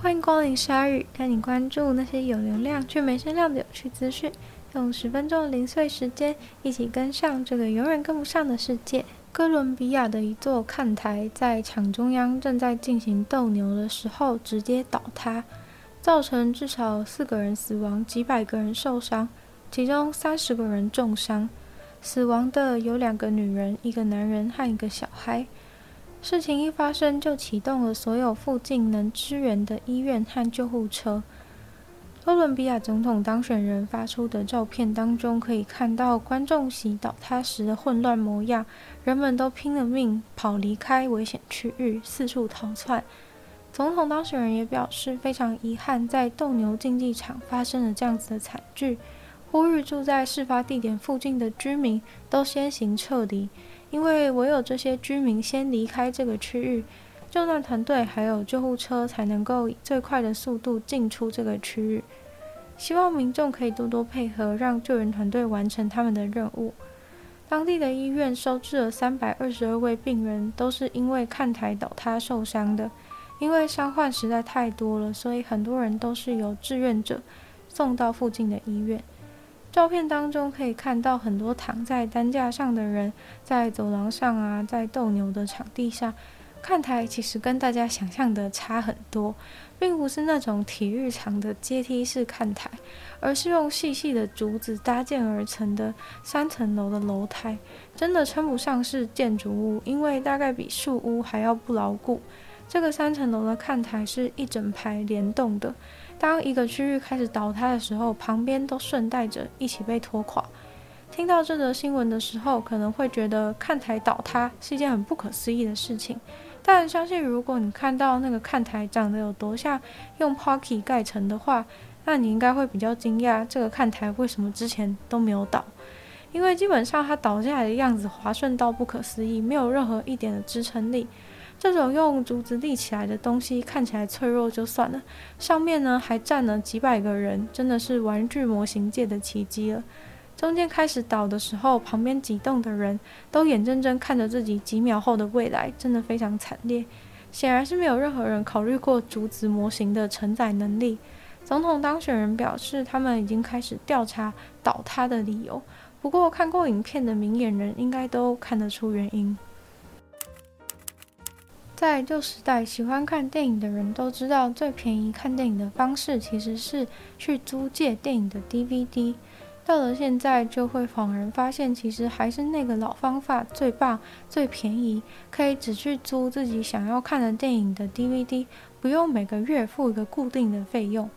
歡迎光臨鯊語，帶你關注那些有流量却沒聲量的有趣資訊。用十分鐘的零碎時間，一起跟上這個永遠跟不上的世界。哥倫比亞的一座看台在場中央正在進行鬥牛的時候直接倒塌，造成至少四個人死亡，幾百個人受傷，其中三十個人重傷。死亡的有兩個女人、一個男人和一個小孩。事情一發生，就啟動了所有附近能支援的醫院和救護車。哥倫比亞總統當選人發出的照片當中，可以看到觀眾席倒塌時的混亂模樣，人們都拼了命跑離開危險區域，四處逃竄。總統當選人也表示非常遺憾，在鬥牛競技場發生了這樣子的慘劇，呼籲住在事發地點附近的居民都先行撤離。因為唯有這些居民先離開這個區域，救難團隊還有救護車才能夠以最快的速度進出這個區域。希望民眾可以多多配合，讓救援團隊完成他們的任務。當地的醫院收治了三百二十二位病人，都是因為看台倒塌受傷的。因為傷患實在太多了，所以很多人都是由志願者送到附近的醫院。照片當中可以看到很多躺在擔架上的人，在走廊上啊，在鬥牛的場地上，看台其實跟大家想象的差很多，並不是那種體育場的階梯式看台，而是用細細的竹子搭建而成的三層樓的樓台，真的稱不上是建築物，因為大概比樹屋還要不牢固。這個三層樓的看台是一整排聯動的。當一個區域開始倒塌的時候，旁邊都順帶着一起被拖垮。聽到這則新聞的時候，可能會覺得看台倒塌是一件很不可思議的事情。但相信如果你看到那個看台長得有多像用 Pocky 蓋成的話，那你應該會比較驚訝這個看台為什麼之前都沒有倒，因為基本上它倒下來的樣子滑順到不可思議，沒有任何一點的支撐力。這種用竹子立起來的東西看起來脆弱就算了，上面呢還站了幾百個人，真的是玩具模型界的奇蹟了。中間開始倒的時候，旁邊幾棟的人都眼睜睜看着自己幾秒後的未來，真的非常慘烈。顯然是沒有任何人考慮過竹子模型的承載能力。總統當選人表示，他們已經開始調查倒塌的理由。不過看過影片的明眼人應該都看得出原因。在舊時代，喜歡看電影的人都知道，最便宜看電影的方式其實是去租借電影的 DVD。到了現在，就會恍然發現，其實還是那個老方法最棒、最便宜，可以只去租自己想要看的電影的 DVD，不用每個月付一個固定的費用。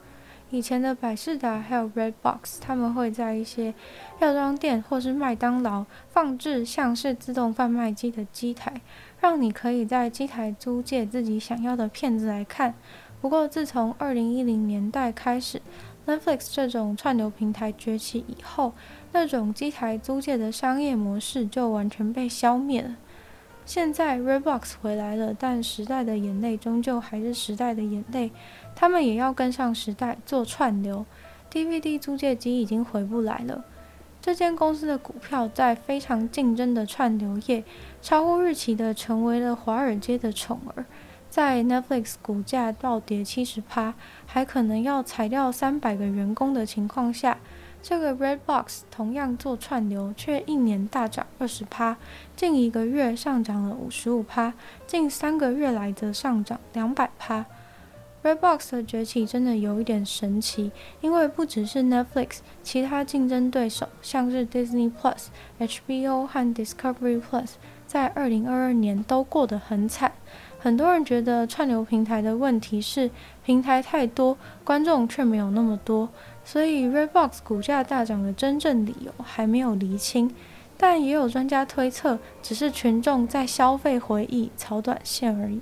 以前的百視達還有 Redbox，他們會在一些藥妝店或是麥當勞放置像是自動販賣機的機台，讓你可以在機台租借自己想要的片子來看。不過自從二零一零年代開始，Netflix 這種串流平台崛起以後，那種機台租借的商業模式就完全被消滅了。現在，Redbox 回來了，但時代的眼淚終究還是時代的眼淚。他們也要跟上時代，做串流。DVD 租借機已經回不來了。這間公司的股票在非常競爭的串流業，超乎預期的成為了華爾街的寵兒。在 Netflix 股價暴跌七十趴，還可能要裁掉三百個員工的情況下，這個 Redbox 同樣做串流，卻一年大漲二十趴，近一個月上漲了五十五趴，近三個月來則上漲兩百趴。Redbox 的崛起真的有一點神奇，因為不只是 Netflix，其他競爭對手像是 Disney Plus、HBO 和 Discovery Plus 在二零二二年都過得很慘。很多人覺得串流平台的問題是平台太多，觀眾卻沒有那麼多，所以 Redbox 股價大漲的真正理由還沒有釐清。但也有專家推測，只是群眾在消費回憶、炒短線而已。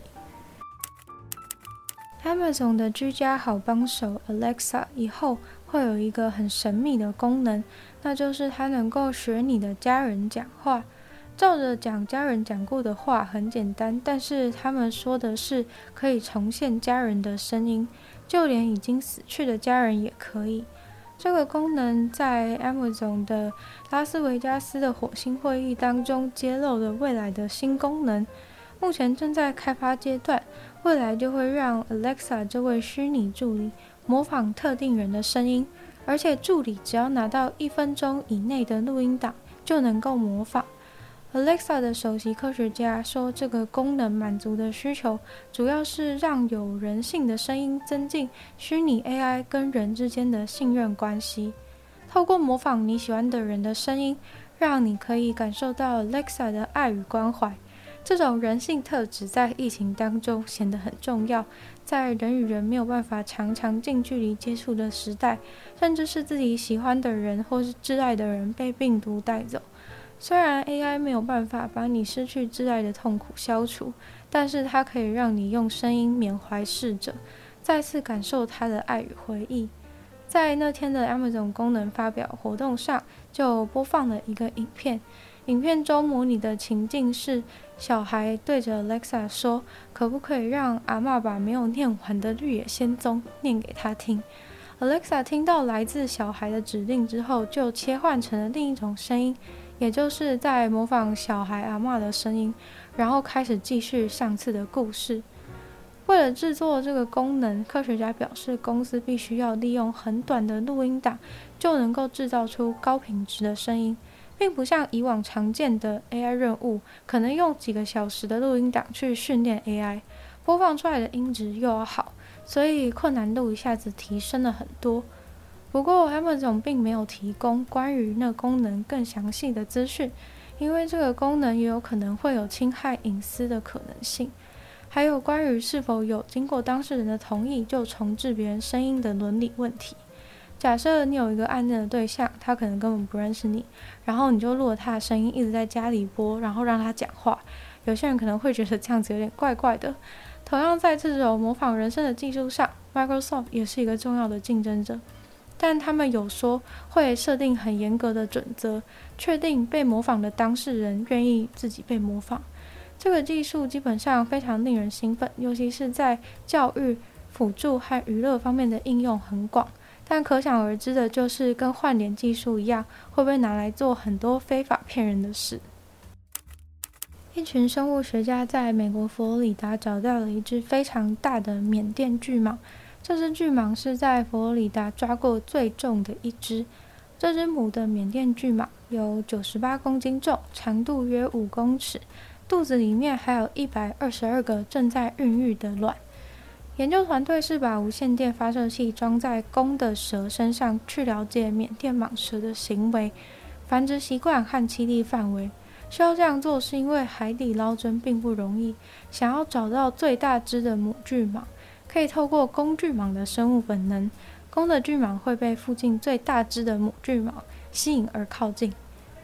Amazon 的居家好幫手 Alexa 以後會有一個很神秘的功能，那就是它能夠學你的家人講話。照着講，家人講過的話很簡單，但是他們說的是可以重現家人的聲音，就連已經死去的家人也可以。這個功能在 Amazon 的拉斯維加斯的火星會議當中揭露了未來的新功能，目前正在開發階段，未來就會讓 Alexa 這位虛擬助理模仿特定人的聲音，而且助理只要拿到一分鐘以內的錄音檔就能夠模仿。Alexa 的首席科學家說：“這個功能滿足的需求，主要是讓有人性的聲音增進虛擬 AI 跟人之間的信任關係。透過模仿你喜歡的人的聲音，讓你可以感受到 Alexa 的愛與關懷。這種人性特質在疫情當中顯得很重要。在人與人沒有辦法常常近距離接觸的時代，甚至是自己喜歡的人或是摯愛的人被病毒帶走。”雖然 AI 沒有辦法把你失去摯愛的痛苦消除，但是它可以讓你用聲音緬懷逝者，再次感受他的愛與回憶。在那天的 Amazon 功能發表活動上，就播放了一個影片。影片中模擬的情境是，小孩對着 Alexa 說：“可不可以讓阿嬤把沒有念完的《綠野仙蹤》念給他聽？”Alexa 聽到來自小孩的指令之後，就切換成了另一種聲音。也就是在模仿小孩阿嬤的聲音，然後開始繼續上次的故事。為了製作這個功能，科學家表示，公司必須要利用很短的錄音檔就能夠製造出高品質的聲音，並不像以往常見的 AI 任務，可能用幾個小時的錄音檔去訓練 AI，播放出來的音質又要好，所以困難度一下子提升了很多。不過，Amazon 並沒有提供關於那功能更詳細的資訊，因為這個功能也有可能會有侵害隱私的可能性。還有關於是否有經過當事人的同意就重製別人聲音的倫理問題。假設你有一個暗戀的對象，他可能根本不認識你，然後你就錄了他的聲音，一直在家裡播，然後讓他講話。有些人可能會覺得這樣子有點怪怪的。同樣，在這種模仿人聲的技術上，Microsoft 也是一個重要的競爭者。但他們有說會設定很嚴格的準則，確定被模仿的當事人願意自己被模仿。這個技術基本上非常令人興奮，尤其是在教育、輔助和娛樂方面的應用很廣。但可想而知的就是，跟換臉技術一樣，會不會拿來做很多非法騙人的事？一群生物學家在美國佛羅里達找到了一隻非常大的緬甸巨蟒。這只巨蟒是在佛羅里達抓過最重的一只。這只母的緬甸巨蟒有98公斤重，長度約五公尺，肚子裡面還有一百二十二個正在孕育的卵。研究團隊是把無線電發射器裝在公的蛇身上去了解緬甸蟒蛇的行為、繁殖習慣和棲地範圍。需要這樣做是因為海底撈針並不容易，想要找到最大只的母巨蟒。可以透過公巨蟒的生物本能，公的巨蟒會被附近最大只的母巨蟒吸引而靠近。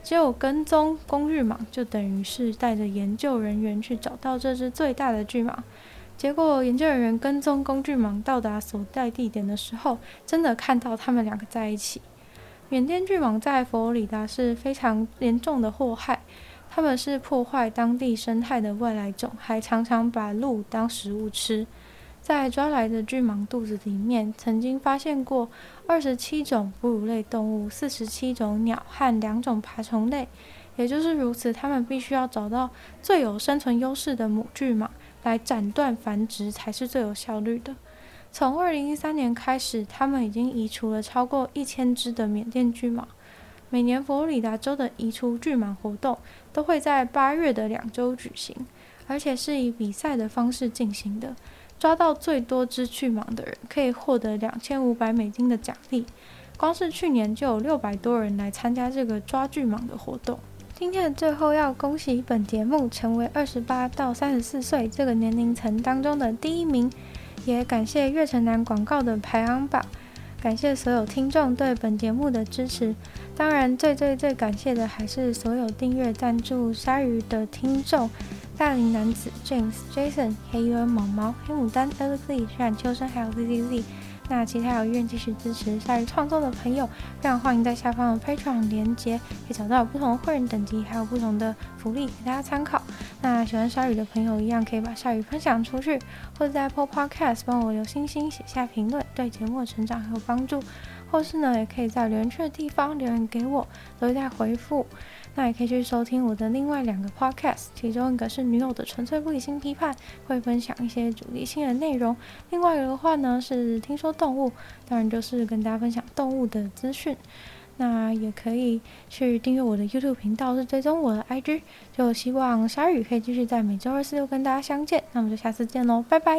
只有跟蹤公巨蟒，就等於是帶着研究人員去找到這只最大的巨蟒。結果，研究人員跟蹤公巨蟒到達所在地點的時候，真的看到他們兩個在一起。緬甸巨蟒在佛羅里達是非常嚴重的禍害，它們是破壞當地生態的外來種，還常常把鹿當食物吃。在抓來的巨蟒肚子裡面，曾經發現過二十七種哺乳類動物、四十七種鳥和兩種爬蟲類。也就是如此，他們必須要找到最有生存優勢的母巨蟒來斬斷繁殖，才是最有效率的。從二零一三年開始，他們已經移除了超過一千只的緬甸巨蟒。每年佛羅里達州的移除巨蟒活動都會在八月的兩周舉行，而且是以比賽的方式進行的。抓到最多隻巨蟒的人可以獲得兩千五百美金的獎勵，光是去年就有六百多人來參加這個抓巨蟒的活動。今天的最後要恭喜本節目成為二十八到三十四歲這個年齡層當中的第一名，也感謝月城南廣告的排行榜，感謝所有聽眾對本節目的支持，當然最最最感謝的還是所有訂閱贊助鯊魚的聽眾。大齡男子 James、Jason、黑 U、毛毛、黑牡丹、LZ、雖然秋生還有 ZZZ，那其他有願意繼續支持鯊魚創作的朋友，非常歡迎在下方的 Patreon 連結，可以找到不同的會員等級還有不同的福利給大家參考。那喜歡鯊魚的朋友，一樣可以把鯊魚分享出去，或者在 Podcast 幫我留星星、寫下評論，對節目的成長很有幫助。或是呢，也可以在留言區的地方留言給我，都會再回復。那也可以去收聽我的另外兩個 podcast，其中一個是《女友的純粹不理性批判》，會分享一些主題性的內容；另外一個的話呢是《聽說動物》，當然就是跟大家分享動物的資訊。那也可以去訂閱我的 YouTube 頻道，是追蹤我的 IG。就希望鯊魚可以繼續在每週二、四、六跟大家相見。那我們就下次見嘍，拜拜。